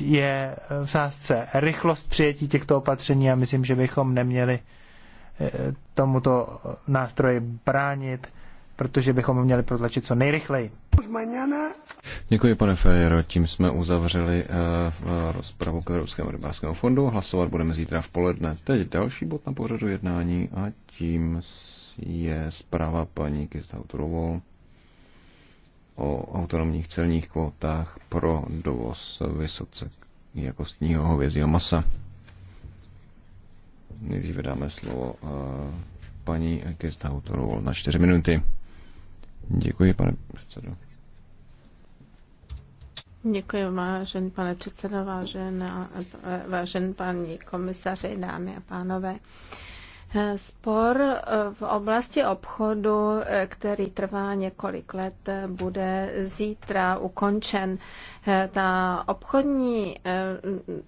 je eh, v sázce rychlost přijetí těchto opatření a myslím, že bychom neměli eh, tomuto nástroji bránit, protože bychom ho měli protlačit co nejrychleji. Děkuji, pane Fejero. Tím jsme uzavřeli uh, rozpravu k Evropskému rybářskému fondu. Hlasovat budeme zítra v poledne. Teď další bod na pořadu jednání a tím je zpráva paní Kistautorovou o autonomních celních kvótách pro dovoz vysoce jakostního hovězího masa. Nejdříve dáme slovo eh, paní Kestautorovou na čtyři minuty. Děkuji, pane předsedo. Děkuji, vážený pane předsedo, vážená, vážený paní komisaři, dámy a pánové. Uh, Spor eh, v oblasti obchodu, eh, který trvá několik let, eh, bude zítra ukončen. Ta obchodní,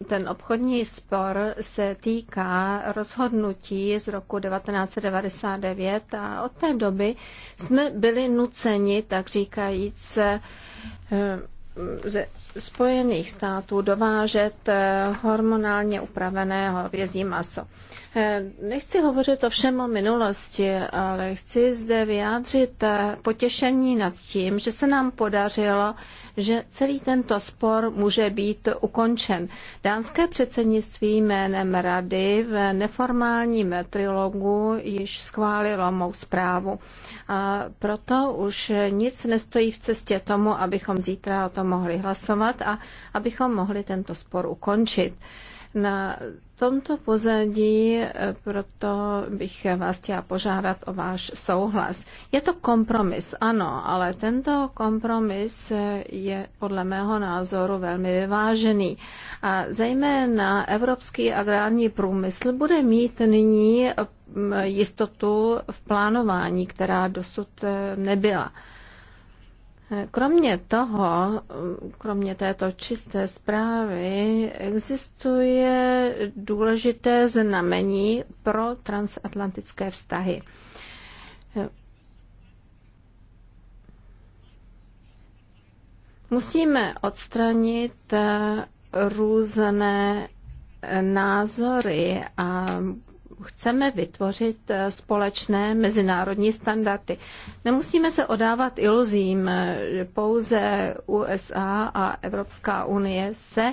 ten obchodní spor se týká rozhodnutí z roku 1999 a od té doby jsme byli nuceni, tak říkajíc, Spojených států dovážet eh, hormonálně upravené hovězí maso. Eh, nechci hovořit o všem o minulosti, ale chci zde vyjádřit eh, potěšení nad tím, že se nám podařilo, že celý tento spor může být ukončen. Dánské předsednictví jménem Rady v neformálním trilogu již schválilo mou zprávu. A proto už nic nestojí v cestě tomu, abychom zítra o tom mohli hlasovat věnovat a abychom mohli tento spor ukončit. Na tomto pozadí eh, proto bych vás chtěla požádat o váš souhlas. Je to kompromis, ano, ale tento kompromis eh, je podle mého názoru velmi vyvážený. A zejména evropský agrární průmysl bude mít nyní eh, jistotu v plánování, která dosud nebyla. Kromě toho, kromě této čisté zprávy, existuje důležité znamení pro transatlantické vztahy. Musíme odstranit různé názory a chceme vytvořit eh, společné mezinárodní standardy. Nemusíme se odávat iluzím, eh, že pouze USA a Evropská unie se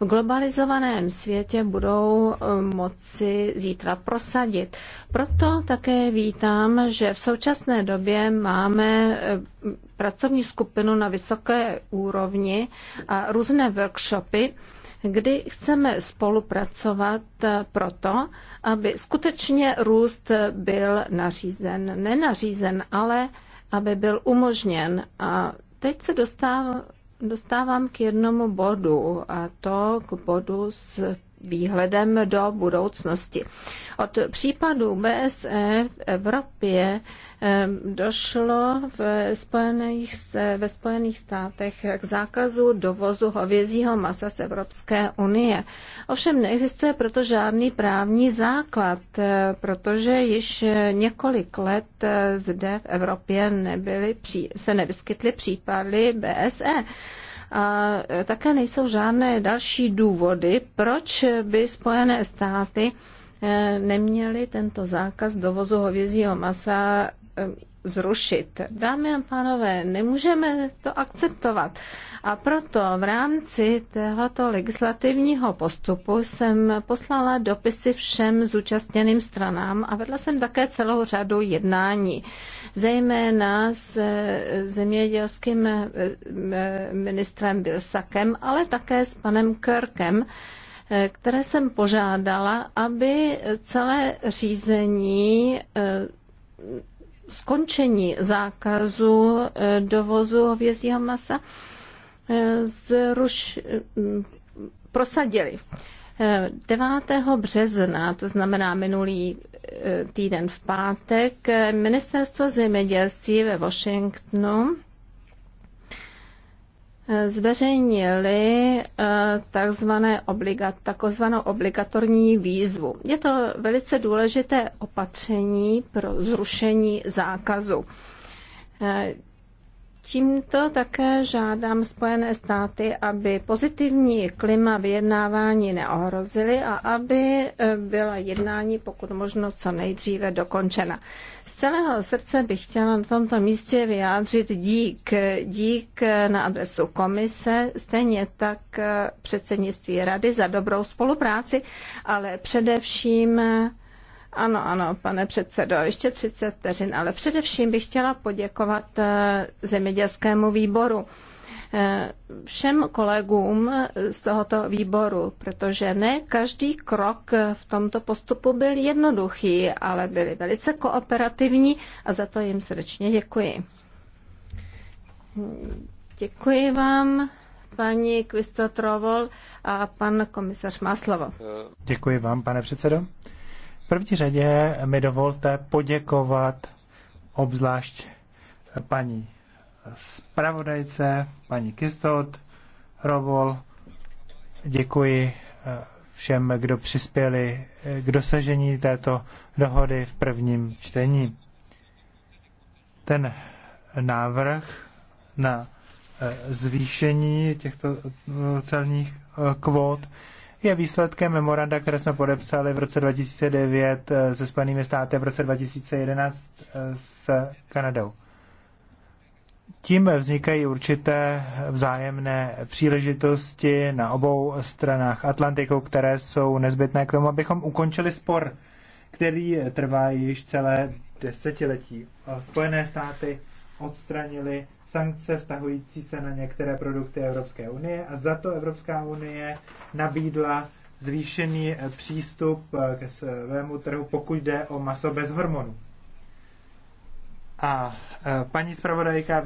v globalizovaném světě budou eh, moci zítra prosadit. Proto také vítám, že v současné době máme pracovní skupinu na vysoké úrovni a různé workshopy, kdy chceme spolupracovat eh, proto, aby skutečně růst byl nařízen, nenařízen, ale aby byl umožněn. A teď se dostávám k jednomu bodu, a to k bodu s výhledem do budoucnosti. Od případů BSE v Evropě došlo v Spojených, ve Spojených státech k zákazu dovozu hovězího masa z Evropské unie. Ovšem neexistuje proto žádný právní základ, eh, protože již několik let eh, zde v Evropě nebyly, se nevyskytly případy BSE. A e, také nejsou žádné další důvody, proč by Spojené státy e, neměly tento zákaz dovozu hovězího masa e, zrušit. Dámy a pánové, nemůžeme to akceptovat. A proto v rámci tohoto legislativního postupu jsem poslala dopisy všem zúčastněným stranám a vedla jsem také celou řadu jednání, zejména s eh, zemědělským eh, eh, ministrem Vilsakem, ale také s panem Körkem, které jsem požádala, aby celé řízení skončení zákazu eh, dovozu hovězího masa eh, zruš, mm, prosadili. 9. Eh, března, to znamená minulý týden v pátek, ministerstvo zemědělství ve Washingtonu zveřejnili eh, takzvané obligat, takzvanou obligatorní výzvu. Je to velice důležité opatření pro zrušení zákazu. Eh, Tímto také žádám Spojené státy, aby pozitivní klima vyjednávání neohrozily a aby eh, byla jednání pokud možno co nejdříve dokončena. Z celého srdce bych chtěla na tomto místě vyjádřit dík. Dík na adresu komise, stejně tak eh, předsednictví rady za dobrou spolupráci, ale především eh, ano, ano, pane předsedo, ještě 30 vteřin, ale především bych chtěla poděkovat eh, zemědělskému výboru eh, všem kolegům z tohoto výboru, protože ne každý krok v tomto postupu byl jednoduchý, ale byli velice kooperativní a za to jim srdečně děkuji. Děkuji vám, paní Kvistotrovol a pan komisař Maslovo. Děkuji vám, pane předsedo. V první řadě mi dovolte poděkovat obzvlášť paní zpravodajce, paní Kistot, Robol. Děkuji eh, všem, kdo přispěli eh, k dosažení této dohody v prvním čtení. Ten návrh na eh, zvýšení těchto celních kvót je výsledkem memoranda, které jsme podepsali v roce 2009 eh, se Spojenými státy a v roce 2011 eh, s Kanadou. Tím vznikají určité vzájemné příležitosti na obou stranách Atlantiku, které jsou nezbytné k tomu, abychom ukončili spor, který trvá již celé desetiletí. Spojené státy odstranili sankce vztahující se na některé produkty Evropské unie a za to Evropská unie nabídla zvýšený eh, přístup eh, ke svému trhu, pokud jde o maso bez hormonů. A eh, paní zpravodajka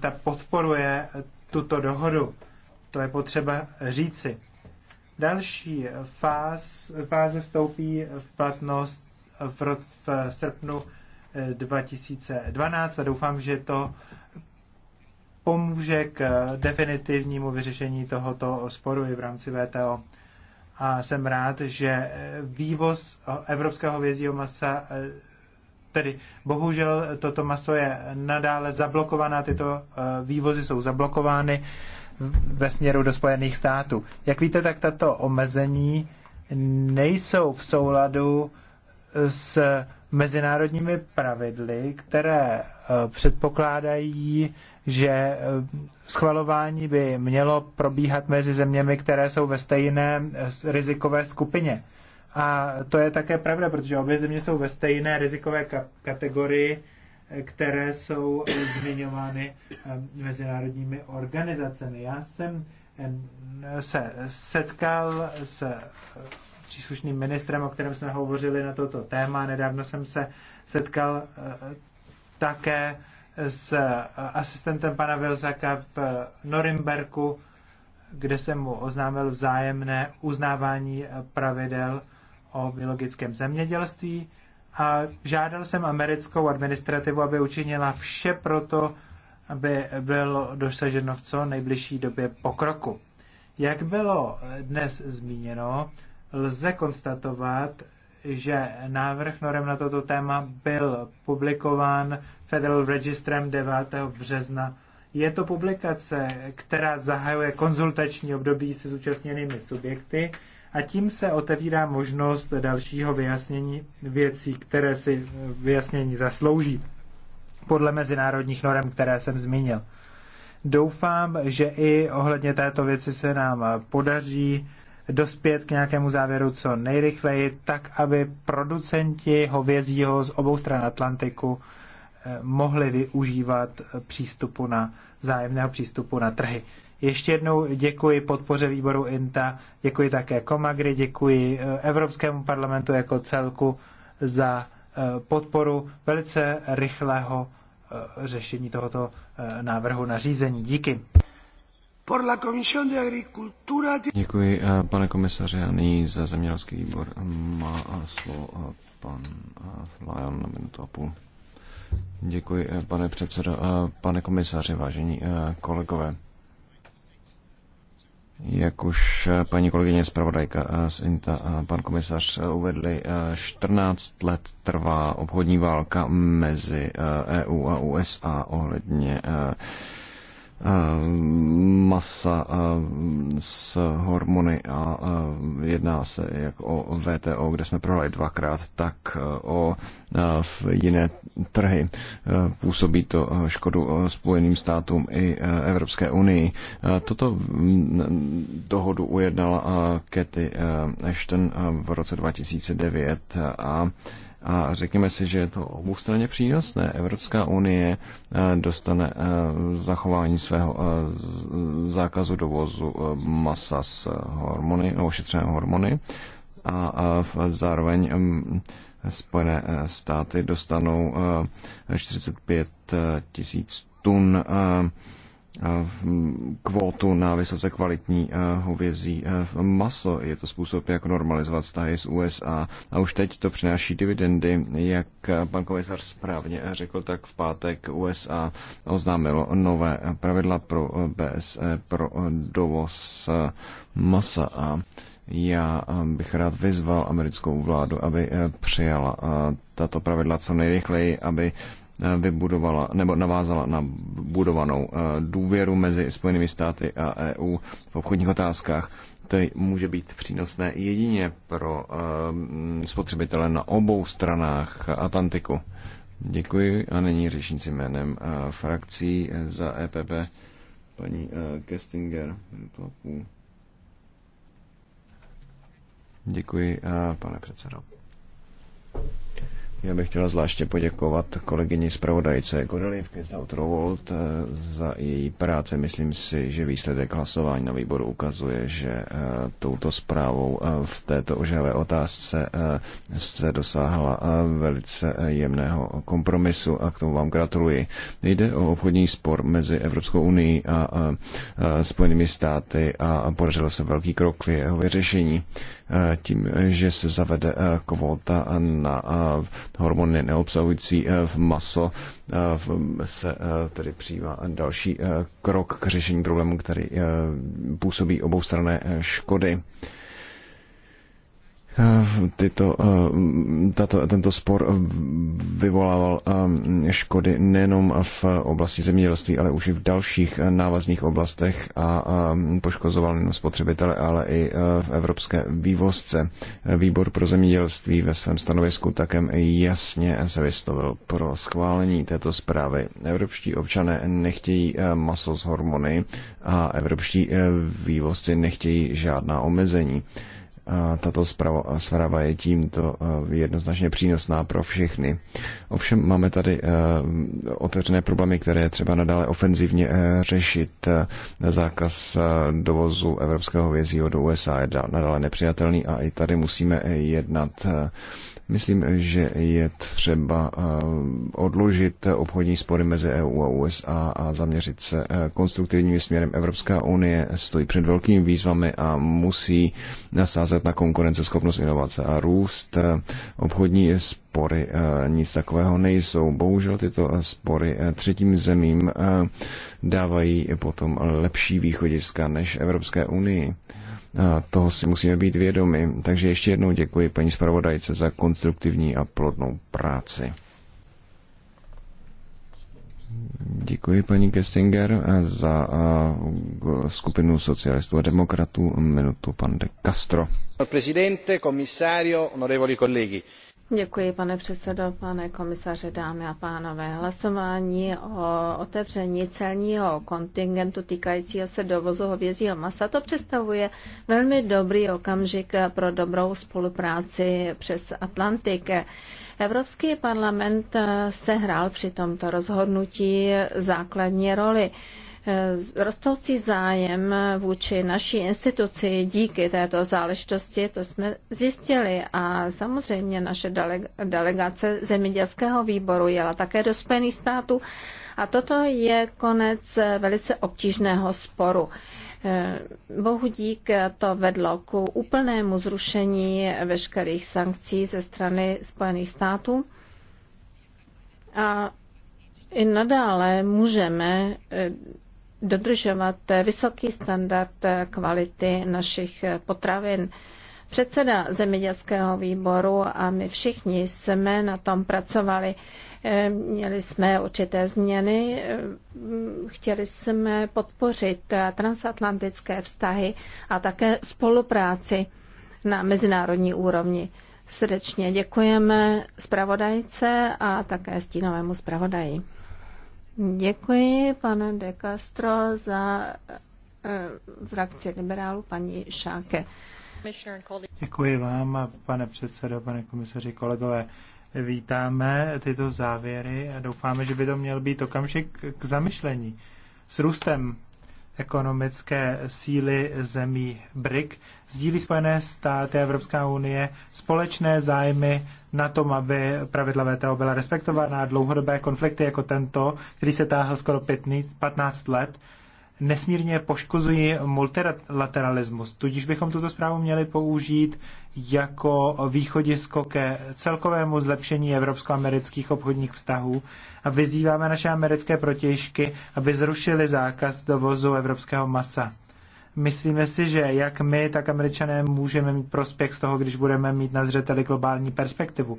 ta podporuje tuto dohodu. To je potřeba říci. Další fáz, fáze vstoupí v platnost v, v srpnu 2012 a doufám, že to pomůže k definitivnímu vyřešení tohoto sporu i v rámci VTO. A jsem rád, že vývoz evropského vězího masa, tedy bohužel toto maso je nadále zablokováno. tyto eh, vývozy jsou zablokovány ve směru do Spojených států. Jak víte, tak tato omezení nejsou v souladu s mezinárodními pravidly, které eh, předpokládají, že eh, schvalování by mělo probíhat mezi zeměmi, které jsou ve stejné eh, rizikové skupině. A to je také pravda, protože obě země jsou ve stejné rizikové kategorii, které jsou zmiňovány mezinárodními organizacemi. Já jsem se setkal s příslušným ministrem, o kterém jsme hovořili na toto téma. Nedávno jsem se setkal eh, také s eh, asistentem pana Vilzaka v eh, Norimberku, kde jsem mu oznámil vzájemné uznávání pravidel o biologickém zemědělství a žádal jsem americkou administrativu, aby učinila vše proto, aby bylo dosaženo v co nejbližší době pokroku. Jak bylo dnes zmíněno, lze konstatovat, že návrh norem na toto téma byl publikován Federal Registrem 9. března. Je to publikace, která zahajuje konzultační období se zúčastněnými subjekty a tím se otevírá možnost dalšího vyjasnění věcí, které si vyjasnění zaslouží podle mezinárodních norem, které jsem zmínil. Doufám, že i ohledně této věci se nám podaří dospět k nějakému závěru co nejrychleji, tak aby producenti hovězího z obou stran Atlantiku eh, mohli využívat přístupu na zájemného přístupu na trhy. Ještě jednou děkuji podpoře výboru INTA, děkuji také Komagry, děkuji eh, Evropskému parlamentu jako celku za eh, podporu velice rychlého řešení tohoto návrhu na řízení. Díky. Děkuji, eh, pane komisaře. A nyní za zemědělský výbor má eh, slovo eh, pan Lajon na minutu a půl. Děkuji, pane předsedo, pane komisaři, vážení kolegové. Jak už paní kolegyně zpravodajka z INTA a pan komisař uvedli, 14 let trvá obchodní válka mezi EU e a USA ohledně Eh, masa eh, s hormony a eh, jedná se jak o VTO, kde jsme prohráli dvakrát, tak o v jiné trhy. Působí to škodu Spojeným státům i Evropské unii. Toto dohodu ujednala Katy Ashton v roce 2009 a a řekněme si, že je to oboustranně přínosné. Evropská unie eh, dostane eh, zachování svého eh, zákazu dovozu masa s hormony, nebo ošetřené hormony a zároveň mm, Spojené státy dostanou 45 tisíc tun kvótu na vysoce kvalitní eh, hovězí eh, maso. Je to způsob, jak normalizovat vztahy s USA. A už teď to přináší dividendy. Jak eh, pan komisař správně řekl, tak v pátek USA oznámilo nové pravidla pro BSE pro dovoz masa a já bych rád vyzval americkou vládu, aby přijala tato pravidla co nejrychleji, aby vybudovala nebo navázala na budovanou eh, důvěru mezi Spojenými státy a EU v obchodních otázkách. To může být přínosné jedině pro eh, spotřebitele na obou stranách Atlantiku. Děkuji a nyní řečníci jménem eh, frakcí za EPP paní Kestinger. Děkuji, pane předsedo. Já bych chtěla zvláště poděkovat kolegyni zpravodajce Kodelivky Zautrovolt eh, za její práci. Myslím si, že výsledek hlasování na výboru ukazuje, že eh, touto zprávou eh, v této ožavé otázce se dosáhla velice jemného kompromisu a k tomu vám gratuluji. Jde o obchodní spor mezi Evropskou unii a Spojenými státy a podařilo se velký krok v jeho vyřešení tím, že se zavede eh, kvóta na eh, hormony neobsahující eh, v maso, se tedy přijímá další krok k řešení problému, který působí oboustranné škody tyto, eh, tato, tento spor vyvolával eh, škody nejenom v oblasti zemědělství, ale už i v dalších eh, návazných oblastech a poškozoval nejenom spotřebitele, ale i v evropské vývozce. Výbor pro zemědělství ve svém stanovisku také jasně se vystavil pro schválení této zprávy. Evropští občané nechtějí maso z hormony a evropští vývozci nechtějí žádná omezení tato zpráva je tímto jednoznačně přínosná pro všechny. Ovšem máme tady otevřené problémy, které je třeba nadále ofenzivně řešit. Zákaz dovozu evropského vězího do USA je nadále nepřijatelný a i tady musíme jednat. Myslím, že je třeba eh, odložit obchodní spory mezi EU a USA a zaměřit se eh, konstruktivním směrem. Evropská unie stojí před velkými výzvami a musí nasázet na konkurenceschopnost, inovace a růst. Obchodní spory eh, nic takového nejsou. Bohužel tyto spory třetím zemím dávají potom lepší východiska než Evropské unii. Toho si musíme být vědomi. Takže ještě jednou děkuji paní zpravodajce za konstruktivní a plodnou práci. Děkuji paní Kestinger za skupinu socialistů a demokratů. Minutu pan de Castro. komisario, Děkuji, pane předsedo, pane komisaře, dámy a pánové. Hlasování o otevření celního kontingentu týkajícího se dovozu hovězího masa, to představuje velmi dobrý okamžik pro dobrou spolupráci přes Atlantik. Evropský parlament sehrál při tomto rozhodnutí základní roli. Eh, rostoucí zájem vůči naší instituci díky této záležitosti, to jsme zjistili a samozřejmě naše delegace zemědělského výboru jela také do Spojených států a toto je konec velice obtížného sporu. Eh, Bohu dík to vedlo k úplnému zrušení veškerých sankcí ze strany Spojených států. A i nadále můžeme eh, dodržovat vysoký standard kvality našich potravin. Předseda zemědělského výboru a my všichni jsme na tom pracovali. Měli jsme určité změny, chtěli jsme podpořit transatlantické vztahy a také spolupráci na mezinárodní úrovni. Srdečně děkujeme zpravodajce a také stínovému zpravodaji. Děkuji, pane De Castro, za eh, frakci liberálu paní Šáke. Děkuji vám, pane předsedo, pane komisaři, kolegové. Vítáme tyto závěry a doufáme, že by to měl být okamžik k zamyšlení. S růstem ekonomické síly zemí BRIC. Sdílí Spojené státy a Evropská unie společné zájmy na tom, aby pravidla VTO byla respektována a dlouhodobé konflikty jako tento, který se táhl skoro 15 let, nesmírně poškozují multilateralismus. Tudíž bychom tuto zprávu měli použít jako východisko ke celkovému zlepšení evropsko-amerických obchodních vztahů a vyzýváme naše americké protějšky, aby zrušili zákaz dovozu evropského masa. Myslíme si, že jak my, tak američané můžeme mít prospěch z toho, když budeme mít na zřeteli globální perspektivu.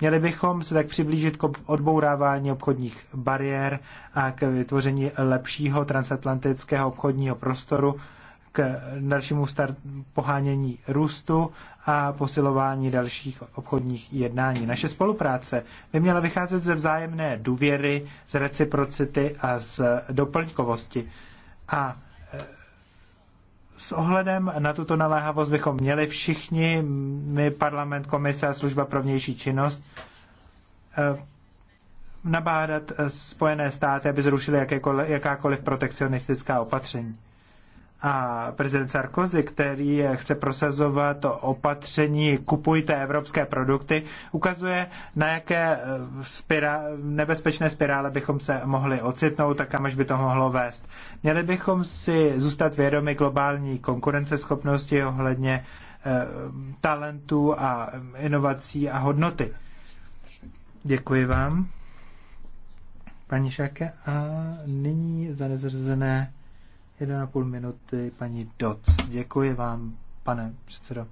Měli bychom se tak přiblížit k odbourávání obchodních bariér a k vytvoření lepšího transatlantického obchodního prostoru, k dalšímu start pohánění růstu a posilování dalších obchodních jednání. Naše spolupráce by měla vycházet ze vzájemné důvěry, z reciprocity a z doplňkovosti. A s ohledem na tuto naléhavost bychom měli všichni, my, parlament, komise a služba pro vnější činnost, eh, nabádat eh, Spojené státy, aby zrušili jakékoliv, jakákoliv protekcionistická opatření a prezident Sarkozy, který chce prosazovat to opatření kupujte evropské produkty, ukazuje, na jaké e, spira- nebezpečné spirále bychom se mohli ocitnout a kam až by to mohlo vést. Měli bychom si zůstat vědomi globální konkurenceschopnosti ohledně eh, talentů a inovací a hodnoty. Děkuji vám. Paní Šake, a nyní za nezrzené 1,5 minuty paní Doc. Děkuji vám, pane předsedo.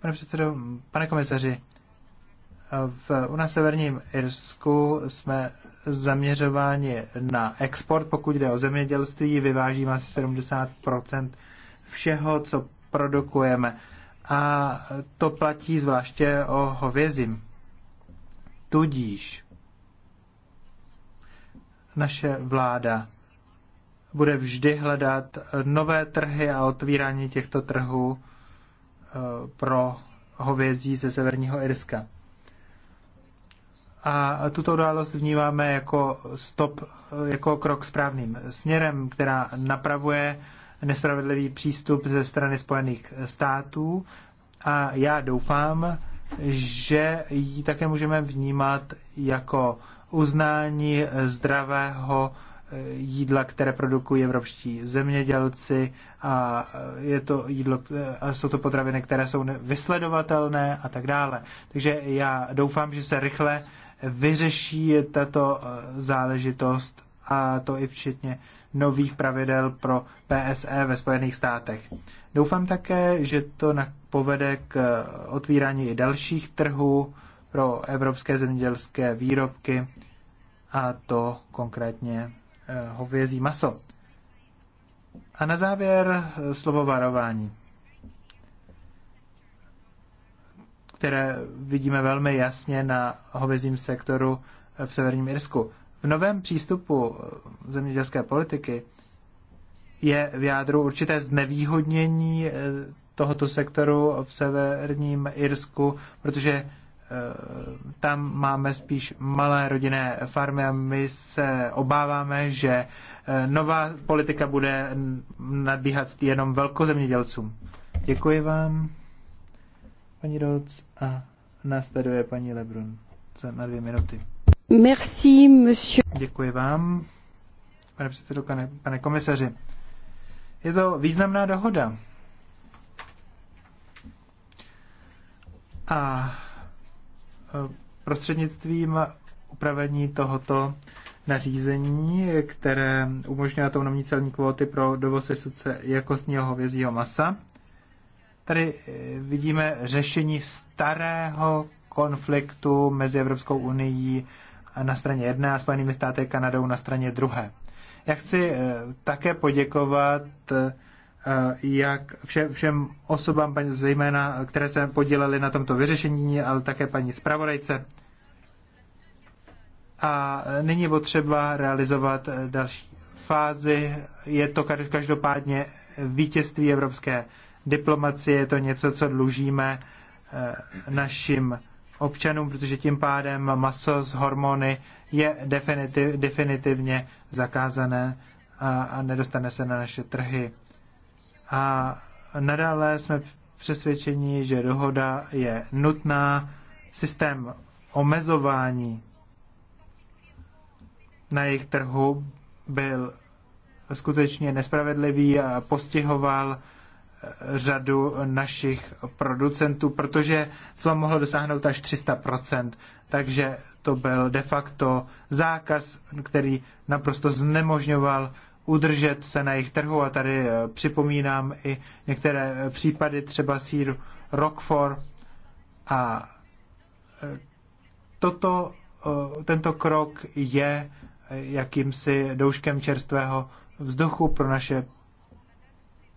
Pane předsedo, pane komisaři, v, u nás v severním Irsku jsme zaměřováni na export. Pokud jde o zemědělství, vyvážíme asi 70 všeho, co produkujeme. A to platí zvláště o hovězím. Tudíž naše vláda bude vždy hledat nové trhy a otvírání těchto trhů eh, pro hovězí ze Severního Irska. A tuto událost vnímáme jako, stop, eh, jako krok správným směrem, která napravuje nespravedlivý přístup ze strany Spojených států. A já doufám, že ji také můžeme vnímat jako uznání zdravého jídla, které produkují evropští zemědělci a je to jídlo, a jsou to potraviny, které jsou vysledovatelné a tak dále. Takže já doufám, že se rychle vyřeší tato eh, záležitost a to i včetně nových pravidel pro PSE ve Spojených státech. Doufám také, že to povede k otvírání i dalších trhů pro evropské zemědělské výrobky a to konkrétně Eh, hovězí maso. A na závěr eh, slovo varování, které vidíme velmi jasně na hovězím sektoru eh, v Severním Irsku. V novém přístupu zemědělské politiky je v jádru určité znevýhodnění tohoto sektoru v Severním Irsku, protože tam máme spíš malé rodinné farmy a my se obáváme, že eh, nová politika bude nadbíhat jenom velkozemědělcům. Děkuji vám, paní Roc, a následuje paní Lebrun na dvě minuty. Merci, monsieur. Děkuji vám, pane předsedo, pane, pane komisaři. Je to významná dohoda. A prostřednictvím upravení tohoto nařízení, které umožňuje autonomní celní kvóty pro dovoz vysoce jakostního hovězího masa. Tady eh, vidíme řešení starého konfliktu mezi Evropskou unii na straně jedné a Spojenými státy Kanadou na straně druhé. Já chci eh, také poděkovat eh, Eh, jak všem osobám, paní zejména, které se podílely na tomto vyřešení, ale také paní zpravodajce. A eh, není potřeba realizovat eh, další fázi. Je to každopádně vítězství evropské diplomacie, je to něco, co dlužíme našim občanům, protože tím pádem maso z hormony je definitiv, definitivně zakázané a, a nedostane se na naše trhy a nadále jsme přesvědčeni, že dohoda je nutná. Systém omezování na jejich trhu byl skutečně nespravedlivý a postihoval eh, řadu našich producentů, protože se mohlo dosáhnout až 300%, takže to byl de facto zákaz, který naprosto znemožňoval udržet se na jejich trhu. A tady eh, připomínám i některé eh, případy, třeba sýr Rockford a eh, toto, tento krok je jakýmsi douškem čerstvého vzduchu pro naše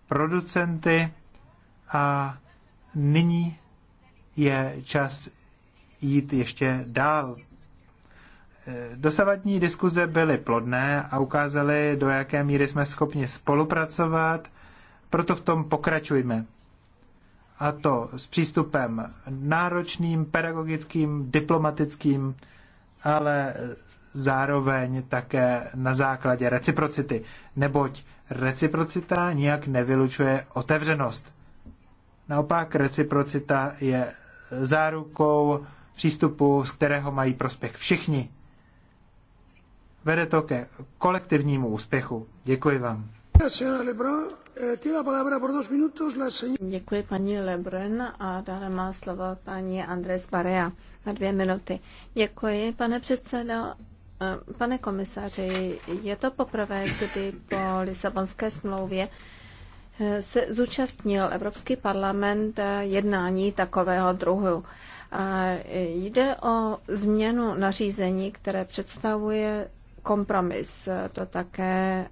producenty a nyní je čas jít ještě dál dosavadní diskuze byly plodné a ukázaly, do jaké míry jsme schopni spolupracovat, proto v tom pokračujme. A to s přístupem náročným, pedagogickým, diplomatickým, ale zároveň také na základě reciprocity, neboť reciprocita nijak nevylučuje otevřenost. Naopak reciprocita je zárukou přístupu, z kterého mají prospěch všichni vede to ke kolektivnímu úspěchu. Děkuji vám. Eh, Děkuji paní Lebrun a dále má slovo paní Andres Barea na dvě minuty. Děkuji, pane předsedo. Eh, pane komisaři, je to poprvé, kdy po Lisabonské smlouvě eh, se zúčastnil Evropský parlament jednání takového druhu. A jde o změnu nařízení, které představuje kompromis. To také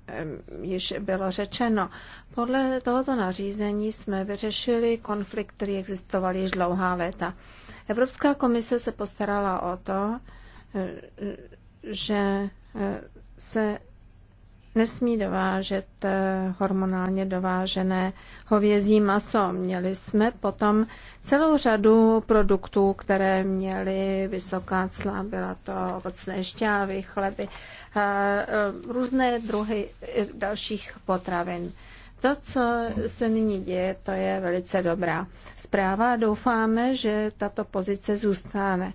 již bylo řečeno. Podle tohoto nařízení jsme vyřešili konflikt, který existoval již dlouhá léta. Evropská komise se postarala o to, eh, že eh, se nesmí dovážet eh, hormonálně dovážené hovězí maso. Měli jsme potom celou řadu produktů, které měly vysoká cla, byla to ovocné šťávy, chleby, eh, eh, různé druhy dalších potravin. To, co se nyní děje, to je velice dobrá zpráva doufáme, že tato pozice zůstane.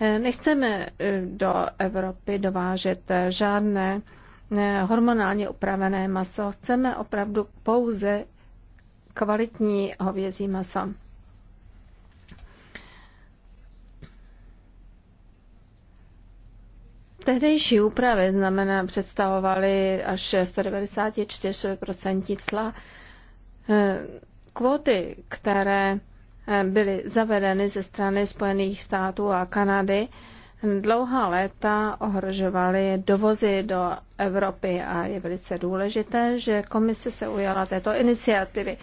Nechceme do Evropy dovážet žádné Eh, hormonálně upravené maso. Chceme opravdu pouze kvalitní hovězí maso. Tehdejší úpravy znamená, představovaly až 194% cla. Eh, kvóty, které eh, byly zavedeny ze strany Spojených států a Kanady, dlouhá léta ohrožovaly dovozy do Evropy a je velice důležité, že komise se ujala této iniciativy.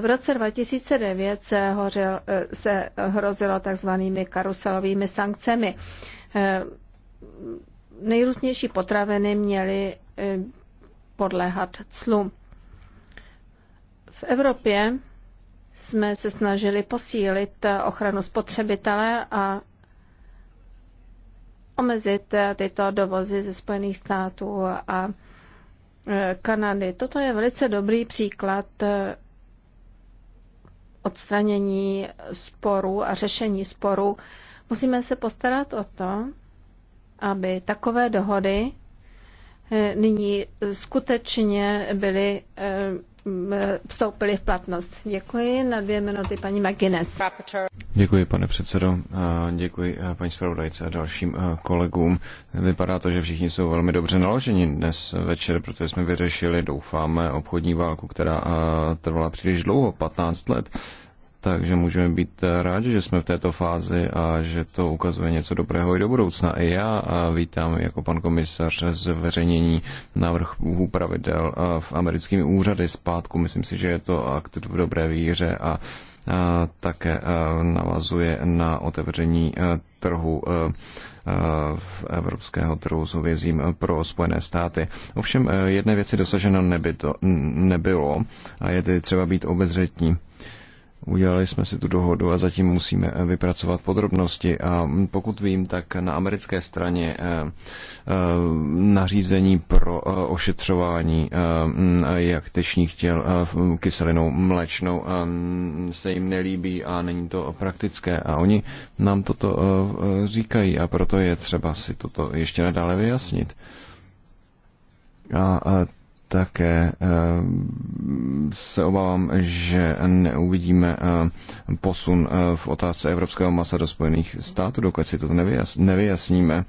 V roce 2009 se, hořil, se hrozilo takzvanými karuselovými sankcemi. Nejrůznější potraviny měly eh, podléhat clu. V Evropě jsme se snažili posílit ochranu spotřebitele a omezit eh, tyto dovozy ze Spojených států a eh, Kanady. Toto je velice dobrý příklad eh, odstranění sporu a řešení sporu. Musíme se postarat o to, aby takové dohody nyní skutečně byly vstoupily v platnost. Děkuji. Na dvě minuty paní McGuinness. Děkuji, pane předsedo. A děkuji paní zpravodajce a dalším kolegům. Vypadá to, že všichni jsou velmi dobře naloženi dnes večer, protože jsme vyřešili, doufáme, obchodní válku, která trvala příliš dlouho, 15 let. Takže můžeme být eh, rádi, že jsme v této fázi a že to ukazuje něco dobrého i do budoucna. I já eh, vítám jako pan komisař zveřejnění návrhů pravidel eh, v americkými úřady zpátku. Myslím si, že je to akt v dobré víře a také navazuje na otevření trhu v evropského trhu s hovězím pro Spojené státy. Ovšem jedné věci dosaženo nebylo a je tedy třeba být obezřetní Udělali jsme si tu dohodu a zatím musíme eh, vypracovat podrobnosti. A mm, pokud vím, tak na americké straně eh, eh, nařízení pro ošetřování mm, jak tečních těl mm, kyselinou mlečnou se jim nelíbí a není to praktické. A oni nám toto říkají a proto je třeba si toto ještě nadále vyjasnit. A také eh, se obávám, že neuvidíme eh, posun eh, v otázce evropského masa do Spojených států, dokud si to nevyjasníme.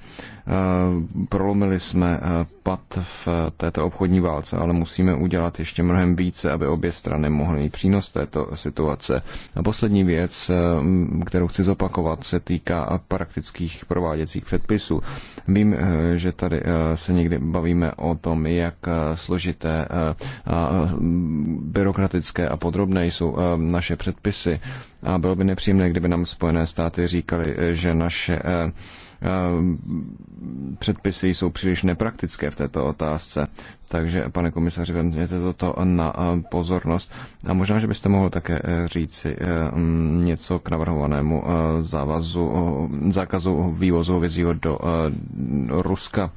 Prolomili jsme pad v této obchodní válce, ale musíme udělat ještě mnohem více, aby obě strany mohly mít přínos této situace. A poslední věc, kterou chci zopakovat, se týká praktických prováděcích předpisů. Vím, že tady se někdy bavíme o tom, jak složit složité eh, a byrokratické a podrobné jsou eh, naše předpisy. A bylo by nepříjemné, kdyby nám Spojené státy říkali, eh, že naše předpisy jsou příliš nepraktické v této otázce. Takže, pane komisaři, vezměte toto na pozornost. A možná, že byste mohl také říci mm, něco k navrhovanému závazu, zákazu vývozu vizího do Ruska.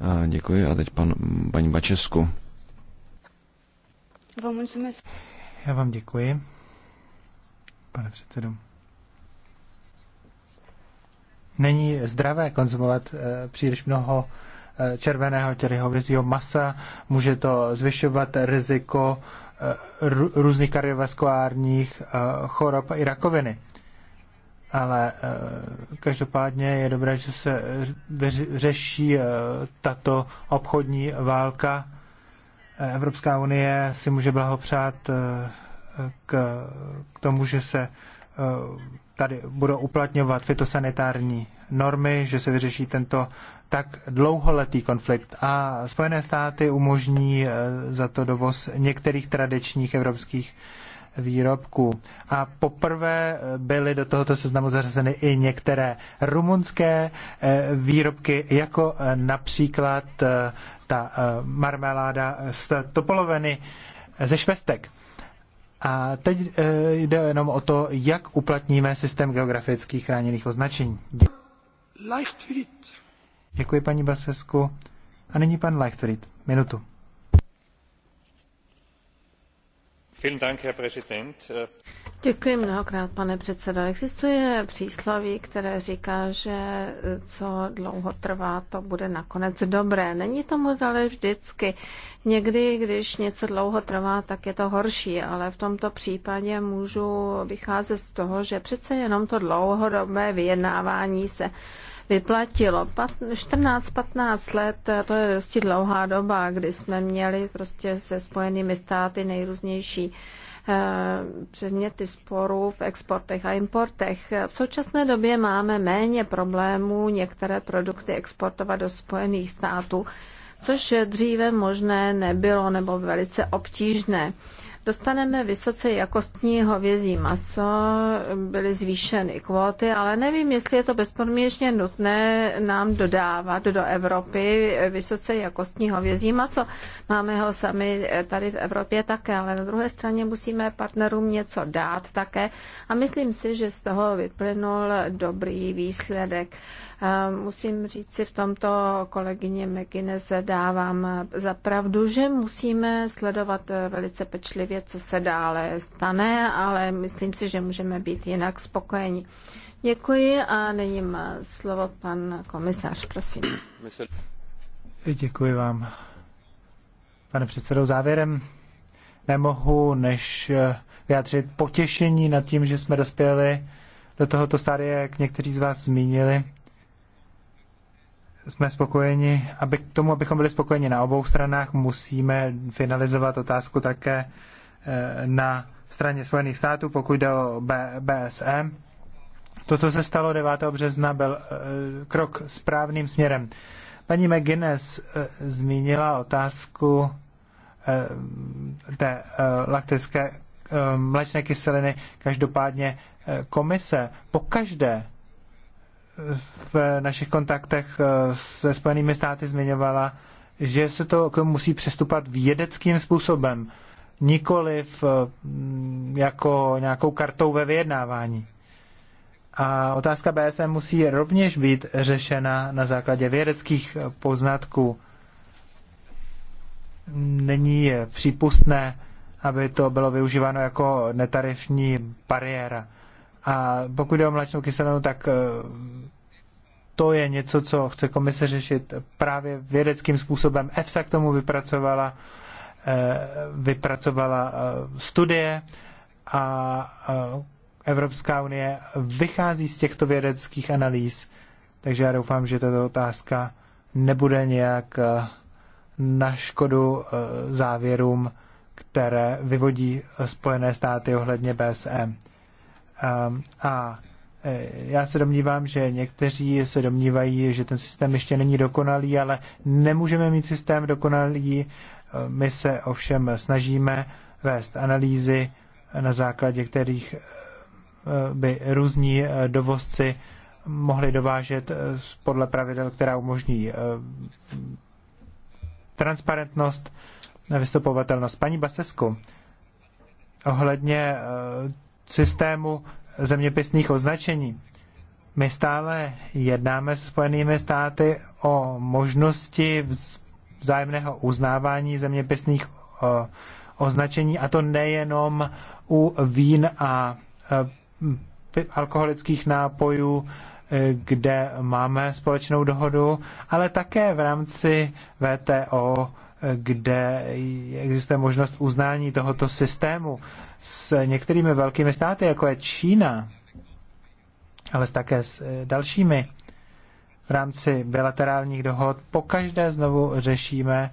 A děkuji a teď pan, paní Bačesku. Já vám děkuji, pane předsedo. Není zdravé konzumovat eh, příliš mnoho eh, červeného, tedy hovězího masa. Může to zvyšovat riziko eh, různých kardiovaskulárních chorob i rakoviny ale eh, každopádně je dobré, že se řeší eh, tato obchodní válka. Eh, Evropská unie si může blahopřát k, k tomu, že se tady budou uplatňovat fitosanitární normy, že se vyřeší tento tak dlouholetý konflikt. A Spojené státy umožní za to dovoz některých tradičních evropských výrobků. A poprvé byly do tohoto seznamu zařazeny i některé rumunské eh, výrobky, jako eh, například eh, ta marmeláda z topoloveny ze švestek. A teď jde jenom o to, jak uplatníme systém geografických chráněných označení. Děkuji, Děkuji paní Basesku. A nyní pan Leichtfried. Minutu. Děkuji mnohokrát, pane předsedající Existuje přísloví, které říká, že co dlouho trvá, to bude nakonec dobré. Není tomu ale vždycky. Někdy, když něco dlouho trvá, tak je to horší, ale v tomto případě můžu vycházet z toho, že přece jenom to dlouhodobé vyjednávání se vyplatilo. 14-15 let, to je dosti dlouhá doba, kdy jsme měli prostě se spojenými státy nejrůznější eh, předměty sporů v exportech a importech. V současné době máme méně problémů některé produkty exportovat do Spojených států, což dříve možné nebylo nebo velice obtížné. Dostaneme vysoce jakostní hovězí maso, byly zvýšeny kvóty, ale nevím, jestli je to bezpodmínečně nutné nám dodávat do Evropy vysoce jakostní hovězí maso. Máme ho sami tady v Evropě také, ale na druhé straně musíme partnerům něco dát také a myslím si, že z toho vyplynul dobrý výsledek. Musím říct si v tomto kolegyně McGuinness dávám za pravdu, že musíme sledovat eh, velice pečlivě, co se dále stane, ale myslím si, že můžeme být jinak spokojeni. Děkuji a nyní má slovo pan komisař, prosím. Děkuji vám. Pane předsedo, závěrem nemohu než eh, vyjádřit potěšení nad tím, že jsme dospěli do tohoto stádia, jak někteří z vás zmínili jsme spokojeni, aby k tomu, abychom byli spokojeni na obou stranách, musíme finalizovat otázku také eh, na straně Spojených států, pokud jde o BSM. To, co se stalo 9. března, byl eh, krok správným směrem. Paní McGuinness eh, zmínila otázku té laktické mléčné kyseliny. Každopádně komise po každé v našich kontaktech eh, se Spojenými státy zmiňovala, že se to musí přestupat vědeckým způsobem, nikoliv eh, jako nějakou kartou ve vyjednávání. A otázka BSM musí rovněž být řešena na základě vědeckých eh, poznatků. Není přípustné, aby to bylo využíváno jako netarifní bariéra. A pokud jde o mléčnou kyselinu, tak eh, to je něco, co chce komise řešit právě vědeckým způsobem. EFSA k tomu vypracovala, eh, vypracovala eh, studie a Evropská unie vychází z těchto vědeckých analýz, takže já doufám, že tato otázka nebude nějak na škodu závěrům, které vyvodí Spojené státy ohledně BSM. Ehm, a e, já se domnívám, že někteří se domnívají, že ten systém ještě není dokonalý, ale nemůžeme mít systém dokonalý. Ehm, my se ovšem snažíme vést analýzy, na základě kterých e, by různí e, dovozci mohli dovážet podle pravidel, která umožní transparentnost, vystupovatelnost. Paní Basesku, ohledně systému zeměpisných označení. My stále jednáme s Spojenými státy o možnosti vzájemného uznávání zeměpisných eh, označení, a to nejenom u vín a eh, alkoholických nápojů, eh, kde máme společnou dohodu, ale také v rámci VTO kde existuje možnost uznání tohoto systému s některými velkými státy, jako je Čína, ale také s eh, dalšími v rámci bilaterálních dohod, pokaždé znovu řešíme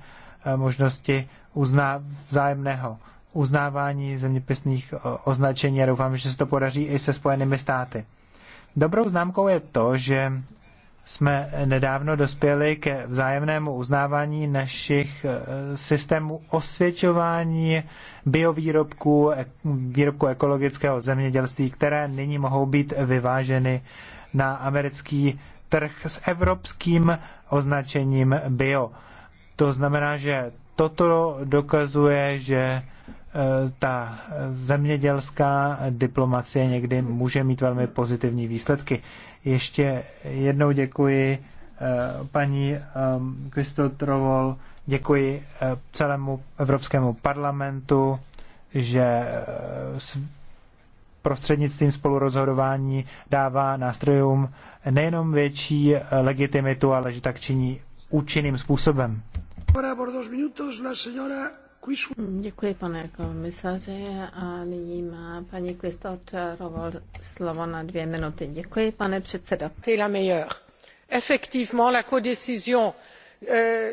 eh, možnosti uzná, vzájemného uznávání zeměpisných eh, označení a doufám, že se to podaří i se Spojenými státy. Dobrou známkou je to, že jsme nedávno dospěli ke vzájemnému uznávání našich eh, systémů osvědčování biovýrobků, výrobků ekologického zemědělství, které nyní mohou být vyváženy na americký trh s evropským označením bio. To znamená, že toto dokazuje, že eh, ta zemědělská diplomacie někdy může mít velmi pozitivní výsledky. Ještě jednou děkuji eh, paní Kristel ehm, Trovol, děkuji eh, celému Evropskému parlamentu, že eh, prostřednictvím spolurozhodování dává nástrojům nejenom větší legitimitu, ale že tak činí účinným způsobem. Hmm, děkuji, pane komisaři. A nyní má paní Kvistot Rovol slovo na dvě minuty. Děkuji, pane předsedo. la meilleure. Effectivement, la codécision euh,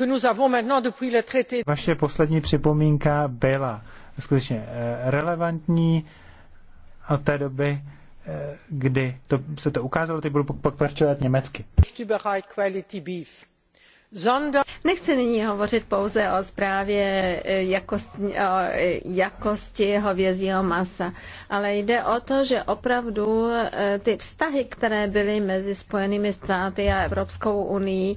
euh, Vaše poslední připomínka byla skutečně eh, relevantní od té doby, eh, kdy to, se to ukázalo, teď budu pokračovat německy. Nechci nyní hovořit pouze o zprávě eh, jakost, o eh, eh, jakosti hovězího masa, ale jde o to, že opravdu ty vztahy, které byly mezi Spojenými státy a Evropskou unii,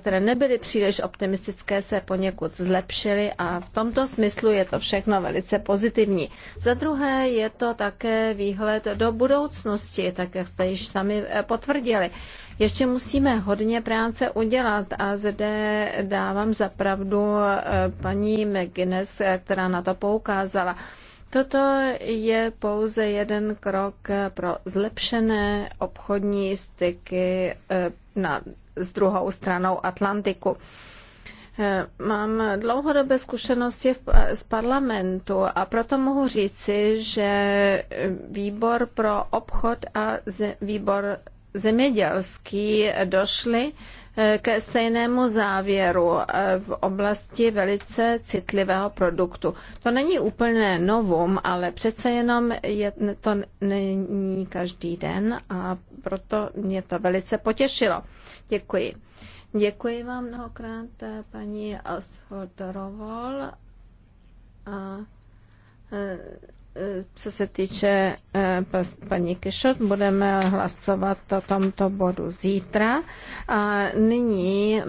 které nebyly příliš optimistické, se poněkud zlepšily a v tomto smyslu je to všechno velice pozitivní. Za druhé je to také výhled do budoucnosti, tak jak jste již sami potvrdili. Ještě musíme hodně práce udělat a zde dávám zapravdu eh, paní McGuinness, která na to poukázala. Toto je pouze jeden krok pro zlepšené obchodní styky eh, na, s druhou stranou Atlantiku. Eh, mám dlouhodobé zkušenosti z parlamentu a proto mohu říci, že výbor pro obchod a výbor zemědělský došli ke stejnému závěru eh, v oblasti velice citlivého produktu. To není úplné novum, ale přece jenom je, to není každý den a proto mě to velice potěšilo. Děkuji. Děkuji vám mnohokrát, eh, paní Osvodorovol. A eh, Eh, co se týče eh, paní Kišot, budeme hlasovat o tomto bodu zítra. A nyní